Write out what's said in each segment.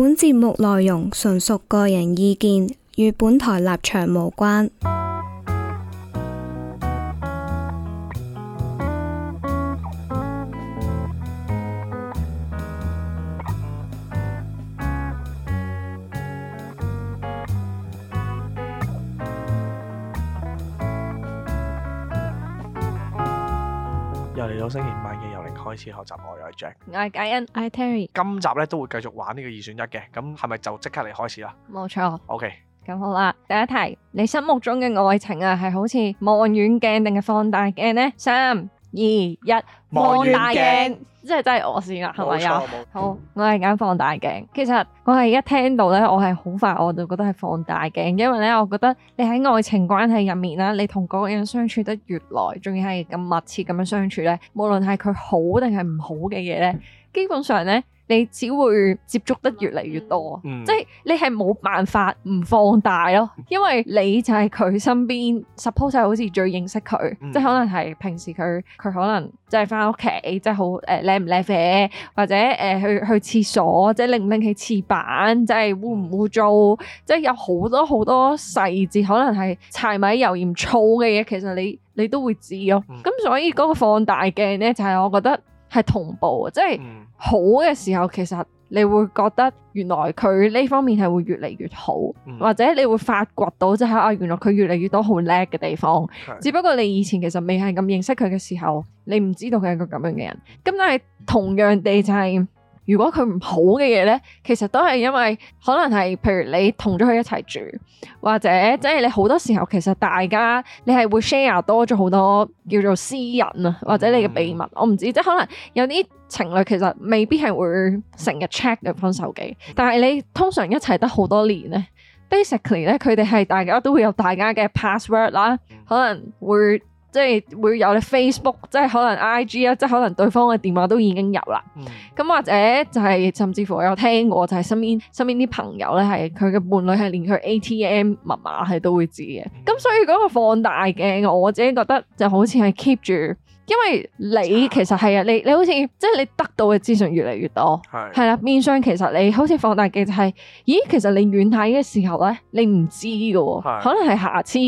本節目內容純屬個人意見，與本台立場無關。又嚟到星期晚嘅由零開始學習愛，我又係 Jack，我係 Kayan，我係 Terri。今集呢都會繼續玩呢個二選一嘅，咁係咪就即刻嚟開始啦？冇錯，OK。咁好啦，第一題，你心目中嘅愛情啊，係好似望遠鏡定係放大鏡呢？三。二一，放大鏡，即係真係我先啦，係咪啊？好，我係揀放大鏡。嗯、其實我係一聽到咧，我係好快我就覺得係放大鏡，因為咧，我覺得你喺愛情關係入面啦，你同嗰個人相處得越耐，仲要係咁密切咁樣相處咧，無論係佢好定係唔好嘅嘢咧，嗯、基本上咧。你只會接觸得越嚟越多，嗯、即係你係冇辦法唔放大咯，因為你就係佢身邊，suppose 好似最認識佢，嗯、即係可能係平時佢佢可能即係翻屋企，即係好誒靚唔靚嘅，或者誒、呃、去去廁所，即係拎唔拎起廁板，即係污唔污糟，嗯、即係有好多好多細節，可能係柴米油鹽醋嘅嘢，其實你你都會知咯。咁、嗯、所以嗰個放大鏡咧，就係、是、我覺得係同步，即係。嗯好嘅時候，其實你會覺得原來佢呢方面係會越嚟越好，嗯、或者你會發掘到即係啊，原來佢越嚟越多好叻嘅地方。是的 只不過你以前其實未係咁認識佢嘅時候，你唔知道佢係個咁樣嘅人。咁但係同樣地就係、是。如果佢唔好嘅嘢咧，其實都係因為可能係，譬如你同咗佢一齊住，或者即係你好多時候其實大家你係會 share 多咗好多叫做私隱啊，或者你嘅秘密，我唔知道，即可能有啲情侶其實未必係會成日 check 對方手機，但係你通常一齊得好多年呢 basically 咧佢哋係大家都會有大家嘅 password 啦，可能會。即係會有你 Facebook，即係可能 IG 啊，即係可能對方嘅電話都已經有啦。咁、嗯、或者就係、是、甚至乎我有聽過，就係身邊身邊啲朋友咧，係佢嘅伴侶係連佢 ATM 密碼係都會知嘅。咁、嗯、所以嗰個放大鏡，我自己覺得就好似係 keep 住。因為你其實係啊，你你好似即係你得到嘅資訊越嚟越多，係啦的。面相其實你好似放大鏡，就係、是，咦，其實你遠睇嘅時候咧，你唔知噶，可能係瑕疵，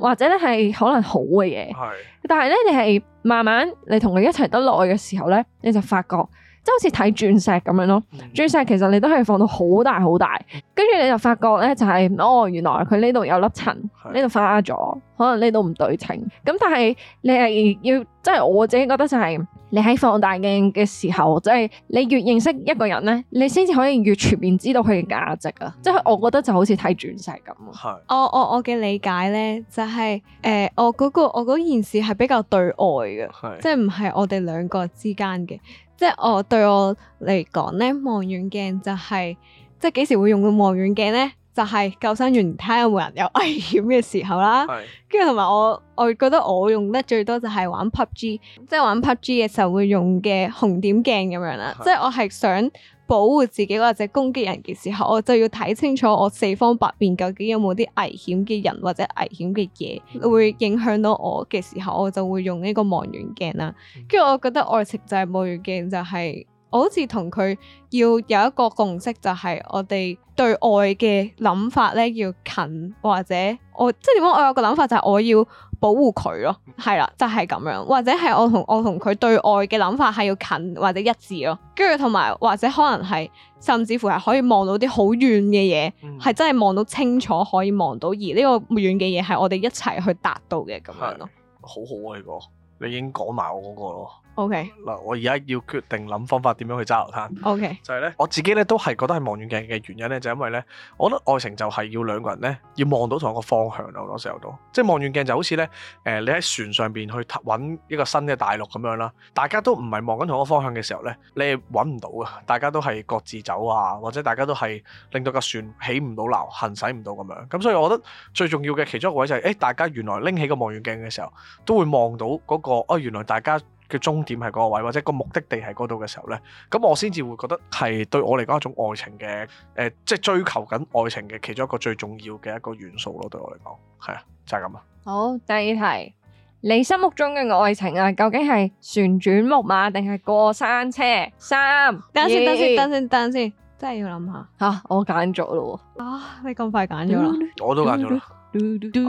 或者咧係可能好嘅嘢。係的，但係咧你係慢慢你同佢一齊得耐嘅時候咧，你就發覺。即好似睇鑽石咁樣咯，鑽、嗯、石其實你都可以放到好大好大，跟住你就發覺呢，就係、是、哦，原來佢呢度有粒塵，呢度是的 花咗，可能呢度唔對稱。咁但係你係要，即係我自己覺得就係、是。你喺放大鏡嘅時候，即、就、係、是、你越認識一個人咧，你先至可以越全面知道佢嘅價值啊！即係、嗯、我覺得就好似睇鑽石咁。係是我我我嘅理解咧，就係、是、誒、呃，我嗰我件事係比較對外嘅，是即係唔係我哋兩個之間嘅。即係我對我嚟講咧，望遠鏡就係、是、即係幾時會用到望遠鏡咧？就係救生員睇下有冇人有危險嘅時候啦，跟住同埋我，我覺得我用得最多就係玩 pubg，即係玩 pubg 嘅時候會用嘅紅點鏡咁樣啦，是即係我係想保護自己或者攻擊人嘅時候，我就要睇清楚我四方八面究竟有冇啲危險嘅人或者危險嘅嘢會影響到我嘅時候，我就會用呢個望遠鏡啦。跟住是我覺得愛情就係望遠鏡就係、是。我好似同佢要有一個共識，就係、是、我哋對愛嘅諗法咧要近，或者我即係點講？我有個諗法就係我要保護佢咯，係、嗯、啦，就係、是、咁樣，或者係我同我同佢對愛嘅諗法係要近或者一致咯。跟住同埋或者可能係甚至乎係可以望到啲好遠嘅嘢，係、嗯、真係望到清楚可以望到，而呢個遠嘅嘢係我哋一齊去達到嘅咁樣咯。好好啊，呢、這、講、個，你已經講埋我嗰個咯。O.K. 嗱，我而家要決定諗方法點樣去揸流灘。O.K. 就係咧，我自己咧都係覺得係望遠鏡嘅原因咧，就係、因為咧，我覺得愛情就係要兩個人咧要望到同一個方向咯。好多時候都即係望遠鏡就好似咧，誒、呃、你喺船上邊去揾一個新嘅大陸咁樣啦。大家都唔係望緊同一個方向嘅時候咧，你係揾唔到啊！大家都係各自走啊，或者大家都係令到個船起唔到流，行駛唔到咁樣。咁所以我覺得最重要嘅其中一個位就係、是、誒、欸，大家原來拎起個望遠鏡嘅時候都會望到嗰、那個、哎、原來大家嘅終點係嗰個位，或者個目的地係嗰度嘅時候咧，咁我先至會覺得係對我嚟講一種愛情嘅，誒，即係追求緊愛情嘅其中一個最重要嘅一個元素咯。對我嚟講，係啊，就係咁啊。好，第二題，你心目中嘅愛情啊，究竟係旋轉木馬定係過山車？三，等先，等先，等先，等先，真係要諗下嚇，我揀咗咯喎！啊，你咁快揀咗啦？我都揀咗啦。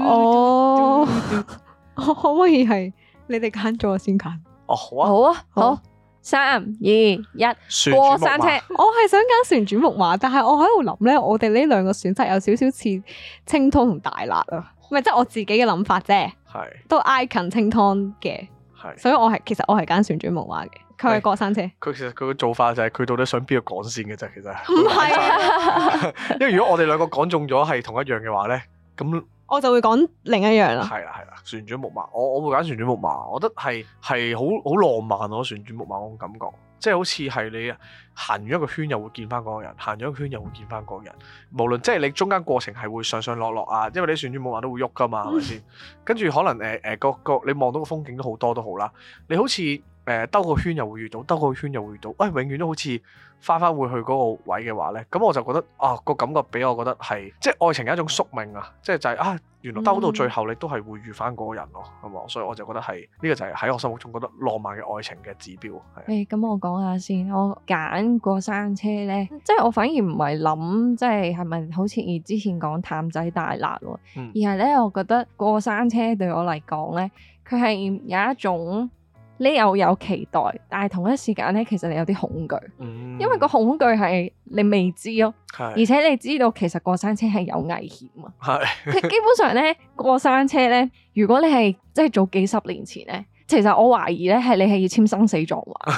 哦，可唔可以係你哋揀咗先揀？哦，好啊，好啊，好，三二一，過山車。 我係想揀旋轉木馬，但係我喺度諗咧，我哋呢兩個選擇有少少似清湯同大辣啊。唔係，即係我自己嘅諗法啫。係是都挨近清湯嘅，是所以我係其實我係揀旋轉木馬嘅。佢係過山車。佢其實佢嘅做法就係佢到底想邊個講先嘅啫。其實唔係啊。 因為如果我哋兩個講中咗係同一樣嘅話咧，咁。我就會講另一樣啦，係啦，係啦，旋轉木馬，我我會揀旋轉木馬，我覺得係係好好浪漫咯、啊，旋轉木馬嗰種感覺，即係好似係你行完一個圈又會見翻嗰個人，行完一個圈又會見翻嗰個人，無論即係你中間過程係會上上落落啊，因為你旋轉木馬都會喐㗎嘛，係咪先？跟住可能誒誒，個、呃、個、呃、你望到個風景都好多都好啦，你好似。誒兜、呃、個圈又會遇到，兜個圈又會遇到，喂、哎，永遠都好似翻翻會去嗰個位嘅話咧，咁我就覺得啊，個感覺畀我覺得係，即係愛情係一種宿命啊，即係就係、是、啊，原來兜到最後你都係會遇翻嗰個人咯、啊，係嘛、嗯？所以我就覺得係呢、這個就係喺我心目中覺得浪漫嘅愛情嘅指標。誒，咁、欸、我講下先，我揀過山車咧，即係我反而唔係諗，即係係咪好似之前講探仔大辣喎、啊？嗯、而係咧，我覺得過山車對我嚟講咧，佢係有一種。你又有期待，但係同一時間咧，其實你有啲恐懼，嗯、因為個恐懼係你未知咯，是 而且你知道其實過山車係有危險啊。係，佢基本上咧 過山車咧，如果你係即係早幾十年前咧，其實我懷疑咧係你係要簽生死狀話，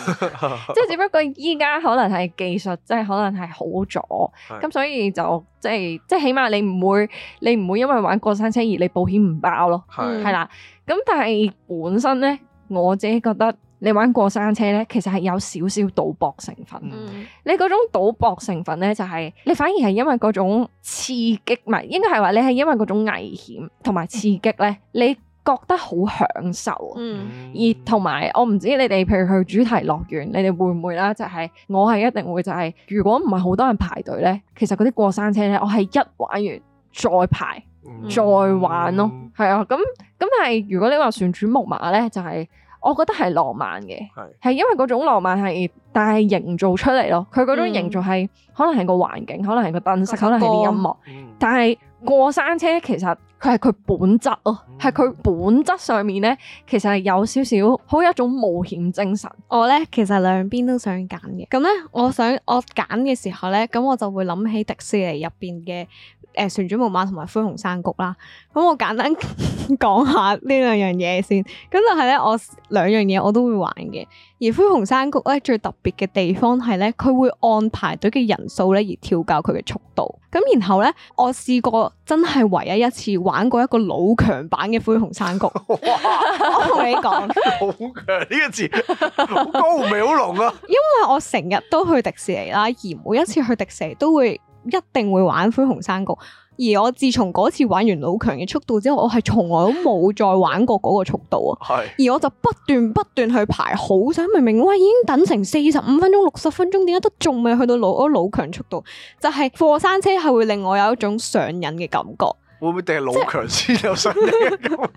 即係 只不過依家可能係技術即係可能係好咗，咁是 所以就即係即係起碼你唔會你唔會因為玩過山車而你保險唔包咯，係啦是 的。咁但係本身咧。我自己覺得你玩過山車咧，其實係有少少賭博成分。嗯、你嗰種賭博成分咧，就係、係、你反而係因為嗰種刺激，唔係應該係話你係因為嗰種危險同埋刺激咧，你覺得好享受。嗯，而同埋我唔知你哋譬如去主題樂園，你哋會唔會啦、就係？就係我係一定會就係、係，如果唔係好多人排隊咧，其實嗰啲過山車咧，我係一玩完。再排、嗯、再玩咯，係、嗯、啊，咁咁但係如果你話旋轉木馬咧，就係、是、我覺得係浪漫嘅，係是因為嗰種浪漫係但係營造出嚟咯，佢嗰種營造係、嗯、可能係個環境，可能係個燈飾，歌歌可能係啲音樂，嗯、但係過山車其實。佢係佢本質咯、喔，係佢本質上面呢，其實係有少少好一種冒險精神。我呢，其實兩邊都想揀嘅，咁呢，我想我揀嘅時候呢，咁我就會諗起迪士尼入邊嘅誒旋轉木馬同埋灰熊山谷啦。咁我簡單講下呢兩樣嘢先，咁就係呢，我兩樣嘢我都會玩嘅。而灰熊山谷咧最特別嘅地方係咧，佢會按排隊嘅人數咧而調校佢嘅速度。咁然後咧，我試過真係唯一一次玩過一個老強版嘅灰熊山谷。哇 我同你講，好強呢個字，高唔係好濃啊！ 因為我成日都去迪士尼啦，而每一次去迪士尼都會一定會玩灰熊山谷。而我自從嗰次玩完老強嘅速度之後，我係從來都冇再玩過嗰個速度啊！ 而我就不斷不斷去排，好想明明我已經等成四十五分鐘、六十分鐘，點解都仲未去到老老強速度？就係、是、過山車係會令我有一種上癮嘅感覺。會唔會定係老強先？有實力咁嘅？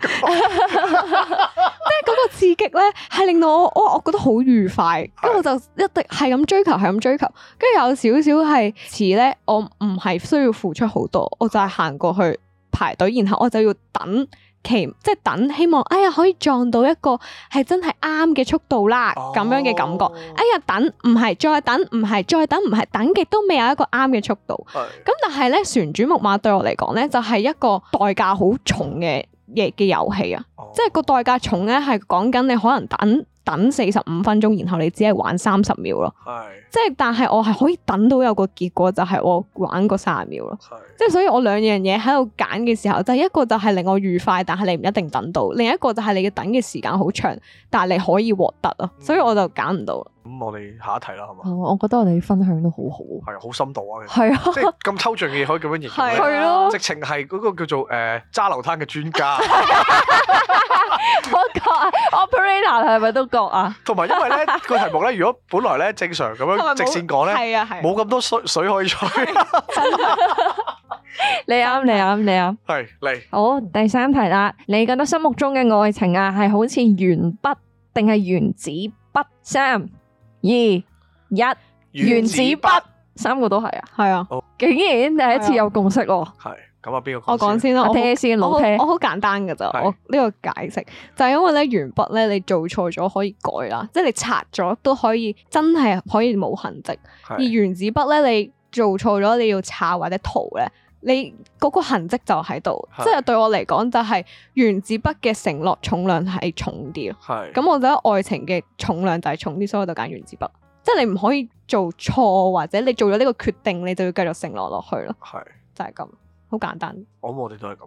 即係個刺激咧，係令到我我我覺得好愉快，跟住是的 我就一定係咁追求，係咁追求，跟住有少少係似咧，我唔係需要付出好多，我就係行過去排隊，然後我就要等。即係等，希望哎呀可以撞到一個係真係啱嘅速度啦，咁、oh. 樣嘅感覺。哎呀等，唔係再等，唔係再等，唔係等極都未有一個啱嘅速度。咁、oh. 但係咧，旋轉木馬對我嚟講咧，就係、是、一個代價好重嘅嘢嘅遊戲啊！Oh. 即係個代價重咧，係講緊你可能等。等四十五分鐘，然後你只係玩三十秒咯，即係的但係我係可以等到有個結果，就係、是、我玩過三十秒咯，即係的所以我兩樣嘢喺度揀嘅時候，就是、一個就係令我愉快，但係你唔一定等到；另一個就係你嘅等嘅時間好長，但係你可以獲得啊，嗯、所以我就揀唔到。咁、嗯、我哋下一題啦，係嘛？我我覺得我哋分享都好好，係好深度啊，係啊，咁抽象嘅嘢可以咁樣形容，的的啊、直情係嗰個叫做誒揸、呃、流攤嘅專家。 我覺啊，Operator 係咪都覺啊？同埋因為咧個題目咧，如果本來咧正常咁樣直線講咧，冇咁多水水可以吹。你啱，你啱，你啱。係嚟。好，第三題啦，你覺得心目中嘅愛情啊，係好似鉛筆定係原子筆？三二一，原子筆，三個都係啊，係啊，竟然第一次有共識喎。係。咁啊，邊個？我講先啦，我聽先，我好簡單㗎咋，是我呢個解釋就係、是、因為咧，鉛筆咧你做錯咗可以改啦，即係你擦咗都可以，真係可以冇痕跡。是而原子筆咧，你做錯咗你要擦或者塗咧，你嗰個痕跡就喺度。是即係對我嚟講，就係原子筆嘅承諾重量係重啲係。咁是我覺得愛情嘅重量就係重啲，所以我就揀原子筆。即係你唔可以做錯，或者你做咗呢個決定，你就要繼續承諾落去咯。係是。就係咁。好簡單，我我哋都係咁，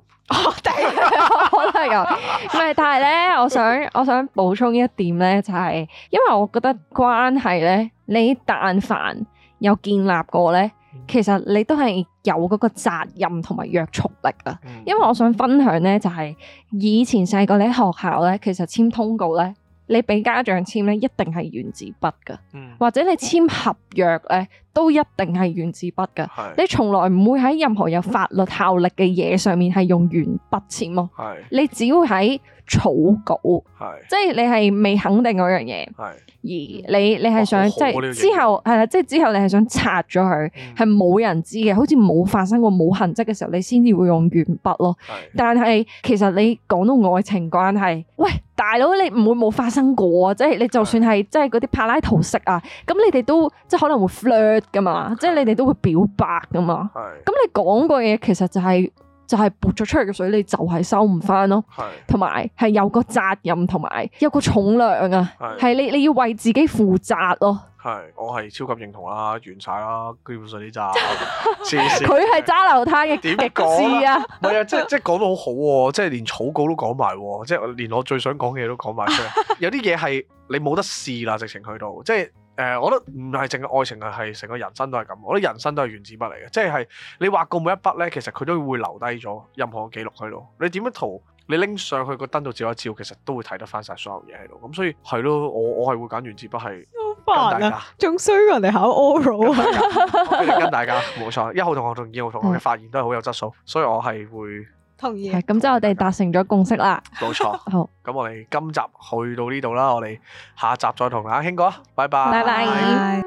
我哋我都係咁。唔係，但係咧，我想我想補充一點咧，就係、是、因為我覺得關係咧，你但凡有建立過咧，嗯、其實你都係有嗰個責任同埋約束力啊。嗯、因為我想分享咧，就係、是、以前細個你喺學校咧，其實簽通告咧，你俾家長簽咧，一定係原子筆噶，嗯、或者你簽合約咧。都一定係原子筆噶，是你從來唔會喺任何有法律效力嘅嘢上面係用鉛筆簽咯。是你只會喺草稿，是即係你係未肯定嗰樣嘢，是而你你係想即係之後係啦，即係之後你係想擦咗佢，係冇、嗯、人知嘅，好似冇發生過冇痕跡嘅時候，你先至會用鉛筆咯。是但係其實你講到愛情關係，喂大佬你唔會冇發生過啊！即、就、係、是、你就算係即係嗰啲柏拉圖式啊，咁你哋都即係可能會 flirt。噶嘛，即係你哋都會表白噶嘛。係，咁你講過嘢，其實就係、是、就係潑咗出嚟嘅水，你就係收唔返咯。係是的，同埋係有個責任，同埋有個重量啊。係，你你要為自己負責咯、啊。係，我係超級認同啦，完晒啦，基本上啲渣，佢係、啊、 渣流灘嘅。點講啊？唔係啊，即係即係講得好好喎，即係、啊、連草稿都講埋、啊，即係連我最想講嘅嘢都講埋出嚟。 有啲嘢係你冇得試啦，直情去到即係。即誒、呃，我覺得唔係淨係愛情啊，係成個人生都係咁。我覺得人生都係原子筆嚟嘅，即係你畫過每一筆咧，其實佢都會留低咗任何記錄喺度。你點樣塗，你拎上去個燈度照一照，其實都會睇得翻晒所有嘢喺度。咁所以係咯，我我係會揀原子筆係、啊、跟大家，仲衰過人哋考 oral 跟大家冇錯，一號同學同二號同學嘅發言都係好有質素，嗯、所以我係會。同意，咁即係我哋達成咗共識啦。冇錯，好，咁 我哋今集去到呢度啦，我哋下集再同阿興哥，拜拜，拜拜。拜拜。